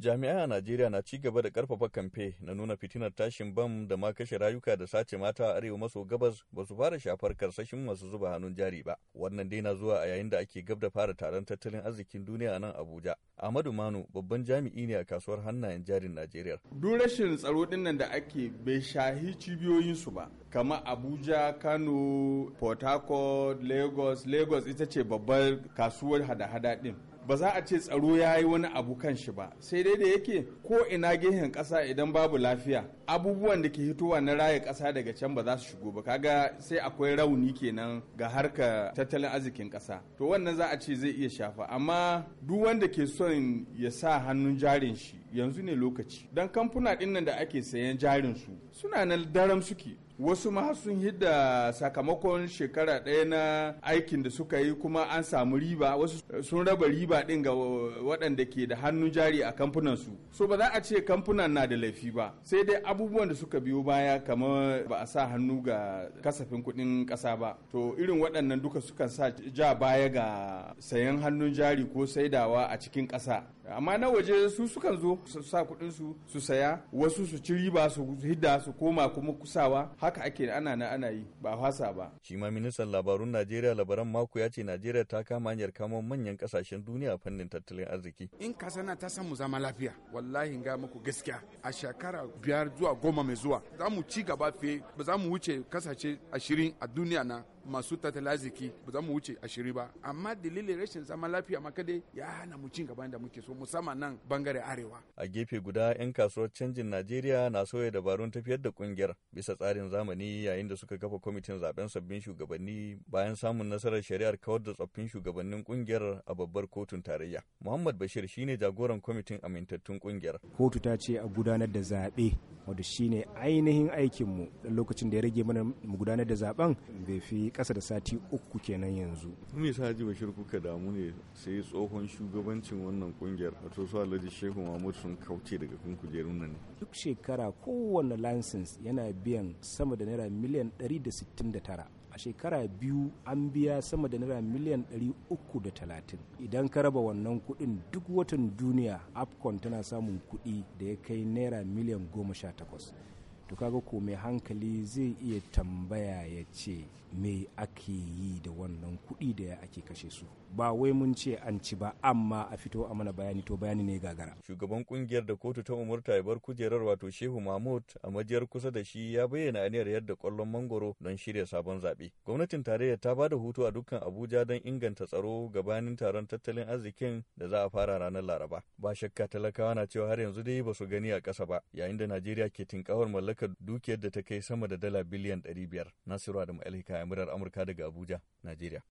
Jami'ai a Najeriya na ci gaba da karfafa kamfe na nuna fitinar tashin bam da ma kashe rayuka da sace mata a arewa maso gabas ba su fara shafar karsashin masu zuba hannun jari ba. Wannan dai na zuwa a yayin da ake gab da fara taron tattalin arzikin duniya a nan Abuja. Ahmadu Manu babban jami'i ne a kasuwar hannayen jarin Najeriya. Duk rashin tsaro din da ake bai shahi su ba. Kamar Abuja, Kano, Port Harcourt, Lagos. Lagos ita ce babbar kasuwar hada-hada din. ba za a ce tsaro ya yi wani abu kan shi ba sai dai da yake ko ina gehen ƙasa idan babu lafiya abubuwan da ke hitowa na raya ƙasa daga can ba za su shigo ba kaga sai akwai rauni kenan ga harka tattalin arzikin ƙasa to wannan za a ce zai iya shafa amma duk wanda ke son ya sa hannun jarin shi yanzu ne lokaci don kamfuna din nan da ake sayan jarin su suna nan daram suke wasu ma sun hidda sakamakon shekara ɗaya na aikin da suka yi kuma an samu riba wasu sun raba riba din ga waɗanda ke da hannun jari a kamfunan su so ba za a ce kamfunan na da laifi ba sai dai abubuwan da suka biyo baya kamar ba a sa hannu ga kasafin kuɗin ƙasa ba to irin waɗannan duka sukan sa ja baya ga sayan hannun jari ko saidawa a cikin ƙasa amma na waje su sukan zo su sa kuɗin su su saya wasu su ci riba su hidda su koma kuma kusawa haka ake ana na ana yi ba fasa ba shi ma ministan labarun Najeriya labaran mako ya ce Najeriya ta kama hanyar kamo manyan kasashen duniya fannin tattalin arziki in kasana ta san mu zama lafiya wallahi ga muku gaskiya a shekara biyar zuwa goma mai zuwa za mu ci gaba fiye ba za mu wuce kasashe ashirin a duniya na masu tattalin arziki ba za mu wuce ashirin ba amma dalilin rashin zaman lafiya ma kadai ya hana mu ci gaba da muke so musamman nan bangare arewa a gefe guda yan kasuwar canjin najeriya na soya dabarun tafiyar da kungiyar bisa tsarin zamani yayin da suka kafa kwamitin zaben sabbin shugabanni bayan samun nasarar shari'ar kawar da tsoffin shugabannin kungiyar a babbar kotun tarayya muhammad bashir shine jagoran kwamitin amintattun kungiyar kotu ta ce a gudanar da zaɓe wanda shine ainihin aikinmu lokacin da ya rage mana mu gudanar da zaben bai fi kasa da sati uku kenan yanzu. Me yasa Haji Bashir kuka damu ne sai tsohon shugabancin wannan kungiyar wato su Alhaji Shehu Mahmud sun kauce daga kun kujerun nan. Duk shekara kowanne license yana biyan sama da naira miliyan 169. a shekara biyu an biya sama da naira miliyan 330 idan ka raba wannan kuɗin duk watan duniya afcon tana samun kuɗi da ya kai naira miliyan 18 to kaga ko mai hankali zai iya tambaya ya ce me ake yi da wannan kuɗi da ya ake kashe su ba wai mun ce an ci ba amma a fito a mana bayani to bayani ne gagara shugaban kungiyar da kotu ta umurta ya bar kujerar wato shehu mahmud a majiyar kusa da shi ya bayyana aniyar yadda kwallon mangoro don shirya sabon zaɓe gwamnatin tarayya ta ba da hutu a dukkan abuja don inganta tsaro gabanin taron tattalin arzikin da za a fara ranar laraba ba shakka talakawa na cewa har yanzu dai ba su gani a ƙasa ba yayin da najeriya ke tinkawar mallaka mallakar dukiyar da ta kai sama da dala biliyan 500 nasiru adamu alhika murar amurka daga abuja najeriya